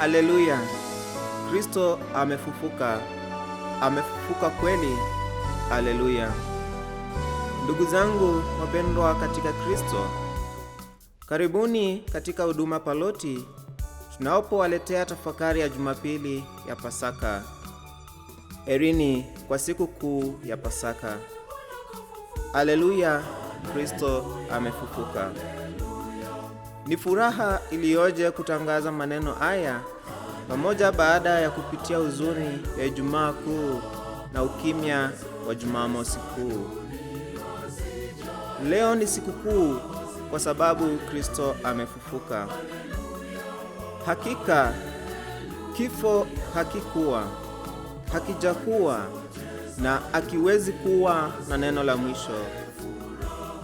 Haleluya! Kristo amefufuka, amefufuka kweli! Haleluya! Ndugu zangu wapendwa katika Kristo, karibuni katika huduma Paloti tunapowaletea tafakari ya Jumapili ya Pasaka. erini kwa siku kuu ya Pasaka! Haleluya! Kristo amefufuka! Ni furaha iliyoje kutangaza maneno haya pamoja baada ya kupitia huzuni ya Ijumaa Kuu na ukimya wa Jumamosi Kuu. Leo ni sikukuu kwa sababu Kristo amefufuka. Hakika kifo hakikuwa, hakijakuwa na akiwezi kuwa na neno la mwisho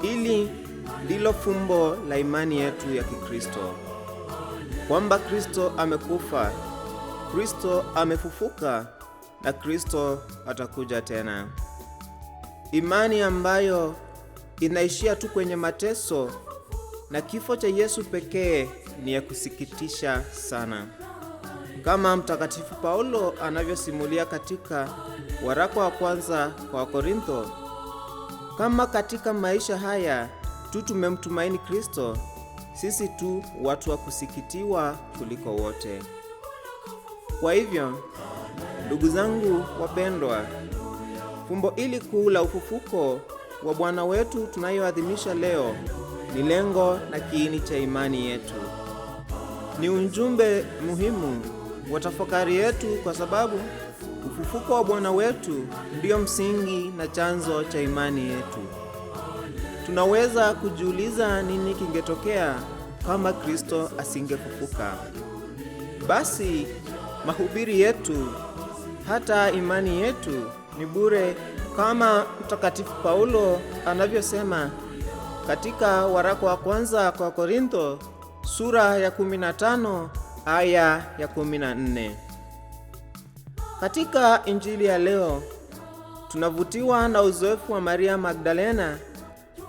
ili ndilo fumbo la imani yetu ya Kikristo, kwamba Kristo amekufa, Kristo amefufuka na Kristo atakuja tena. Imani ambayo inaishia tu kwenye mateso na kifo cha Yesu pekee ni ya kusikitisha sana, kama Mtakatifu Paulo anavyosimulia katika waraka wa kwanza kwa Korintho, kama katika maisha haya tu tumemtumaini Kristo, sisi tu watu wa kusikitiwa kuliko wote. Kwa hivyo, ndugu zangu wapendwa, fumbo ili kuu la ufufuko wa Bwana wetu tunayoadhimisha leo ni lengo na kiini cha imani yetu. Ni ujumbe muhimu wa tafakari yetu kwa sababu ufufuko wa Bwana wetu ndiyo msingi na chanzo cha imani yetu. Tunaweza kujiuliza nini kingetokea kama Kristo asingefufuka. Basi mahubiri yetu, hata imani yetu ni bure, kama Mtakatifu Paulo anavyosema katika waraka wa kwanza kwa Korintho sura ya 15 aya ya 14. Katika injili ya leo tunavutiwa na uzoefu wa Maria Magdalena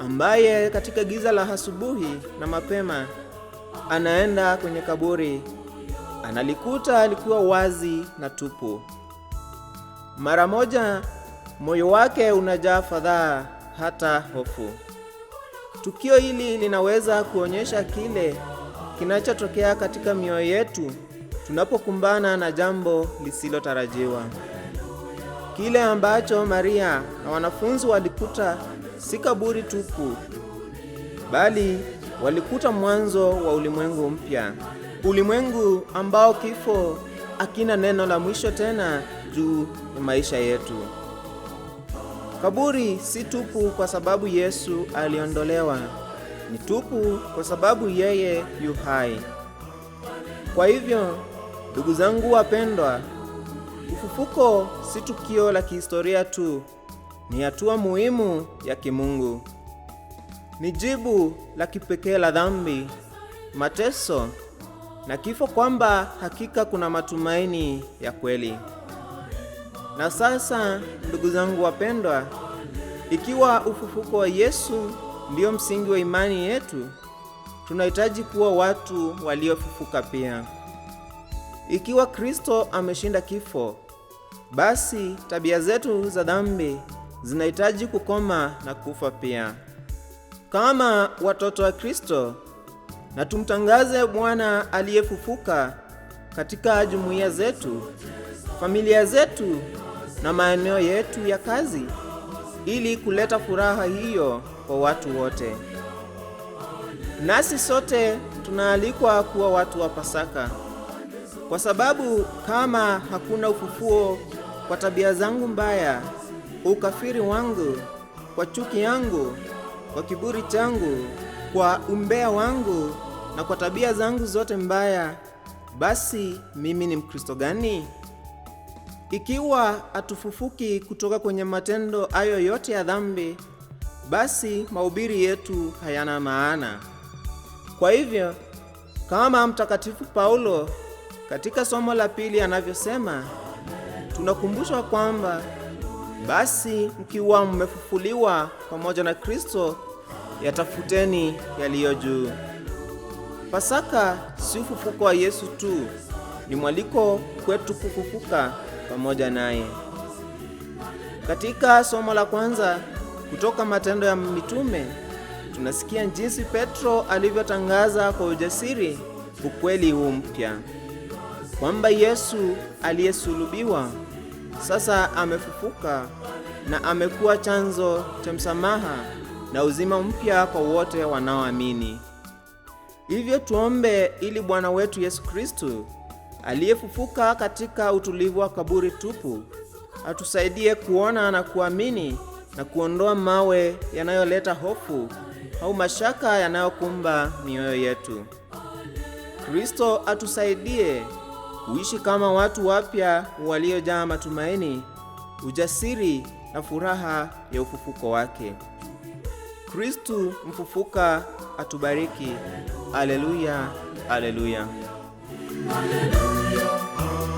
ambaye katika giza la asubuhi na mapema anaenda kwenye kaburi analikuta alikuwa wazi na tupu. Mara moja moyo wake unajaa fadhaa, hata hofu. Tukio hili linaweza kuonyesha kile kinachotokea katika mioyo yetu tunapokumbana na jambo lisilotarajiwa, kile ambacho Maria na wanafunzi walikuta si kaburi tupu, bali walikuta mwanzo wa ulimwengu mpya, ulimwengu ambao kifo akina neno la mwisho tena juu ya maisha yetu. Kaburi si tupu kwa sababu Yesu aliondolewa, ni tupu kwa sababu yeye yu hai. Kwa hivyo, ndugu zangu wapendwa, ufufuko si tukio la kihistoria tu, ni hatua muhimu ya kimungu, ni jibu la kipekee la dhambi, mateso na kifo, kwamba hakika kuna matumaini ya kweli. Na sasa, ndugu zangu wapendwa, ikiwa ufufuko wa Yesu ndiyo msingi wa imani yetu, tunahitaji kuwa watu waliofufuka pia. Ikiwa Kristo ameshinda kifo, basi tabia zetu za dhambi zinahitaji kukoma na kufa pia. Kama watoto wa Kristo, na tumtangaze Bwana aliyefufuka katika jumuiya zetu, familia zetu na maeneo yetu ya kazi, ili kuleta furaha hiyo kwa watu wote. Nasi sote tunaalikwa kuwa watu wa Pasaka, kwa sababu kama hakuna ufufuo kwa tabia zangu mbaya kwa ukafiri wangu, kwa chuki yangu, kwa kiburi changu, kwa umbea wangu na kwa tabia zangu zote mbaya, basi mimi ni Mkristo gani? Ikiwa hatufufuki kutoka kwenye matendo hayo yote ya dhambi, basi mahubiri yetu hayana maana. Kwa hivyo, kama Mtakatifu Paulo katika somo la pili anavyosema, tunakumbushwa kwamba basi mkiwa mmefufuliwa pamoja na Kristo, yatafuteni yaliyo juu. Pasaka si ufufuko wa Yesu tu, ni mwaliko kwetu kufufuka pamoja naye. Katika somo la kwanza kutoka Matendo ya Mitume tunasikia jinsi Petro alivyotangaza kwa ujasiri ukweli huu mpya kwamba Yesu aliyesulubiwa sasa amefufuka na amekuwa chanzo cha msamaha na uzima mpya kwa wote wanaoamini. Hivyo tuombe ili Bwana wetu Yesu Kristo aliyefufuka katika utulivu wa kaburi tupu atusaidie kuona na kuamini na kuondoa mawe yanayoleta hofu au mashaka yanayokumba mioyo yetu. Kristo atusaidie kuishi kama watu wapya waliojaa matumaini, ujasiri na furaha ya ufufuko wake. Kristu mfufuka atubariki. Aleluya, aleluya, aleluya,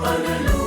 aleluya.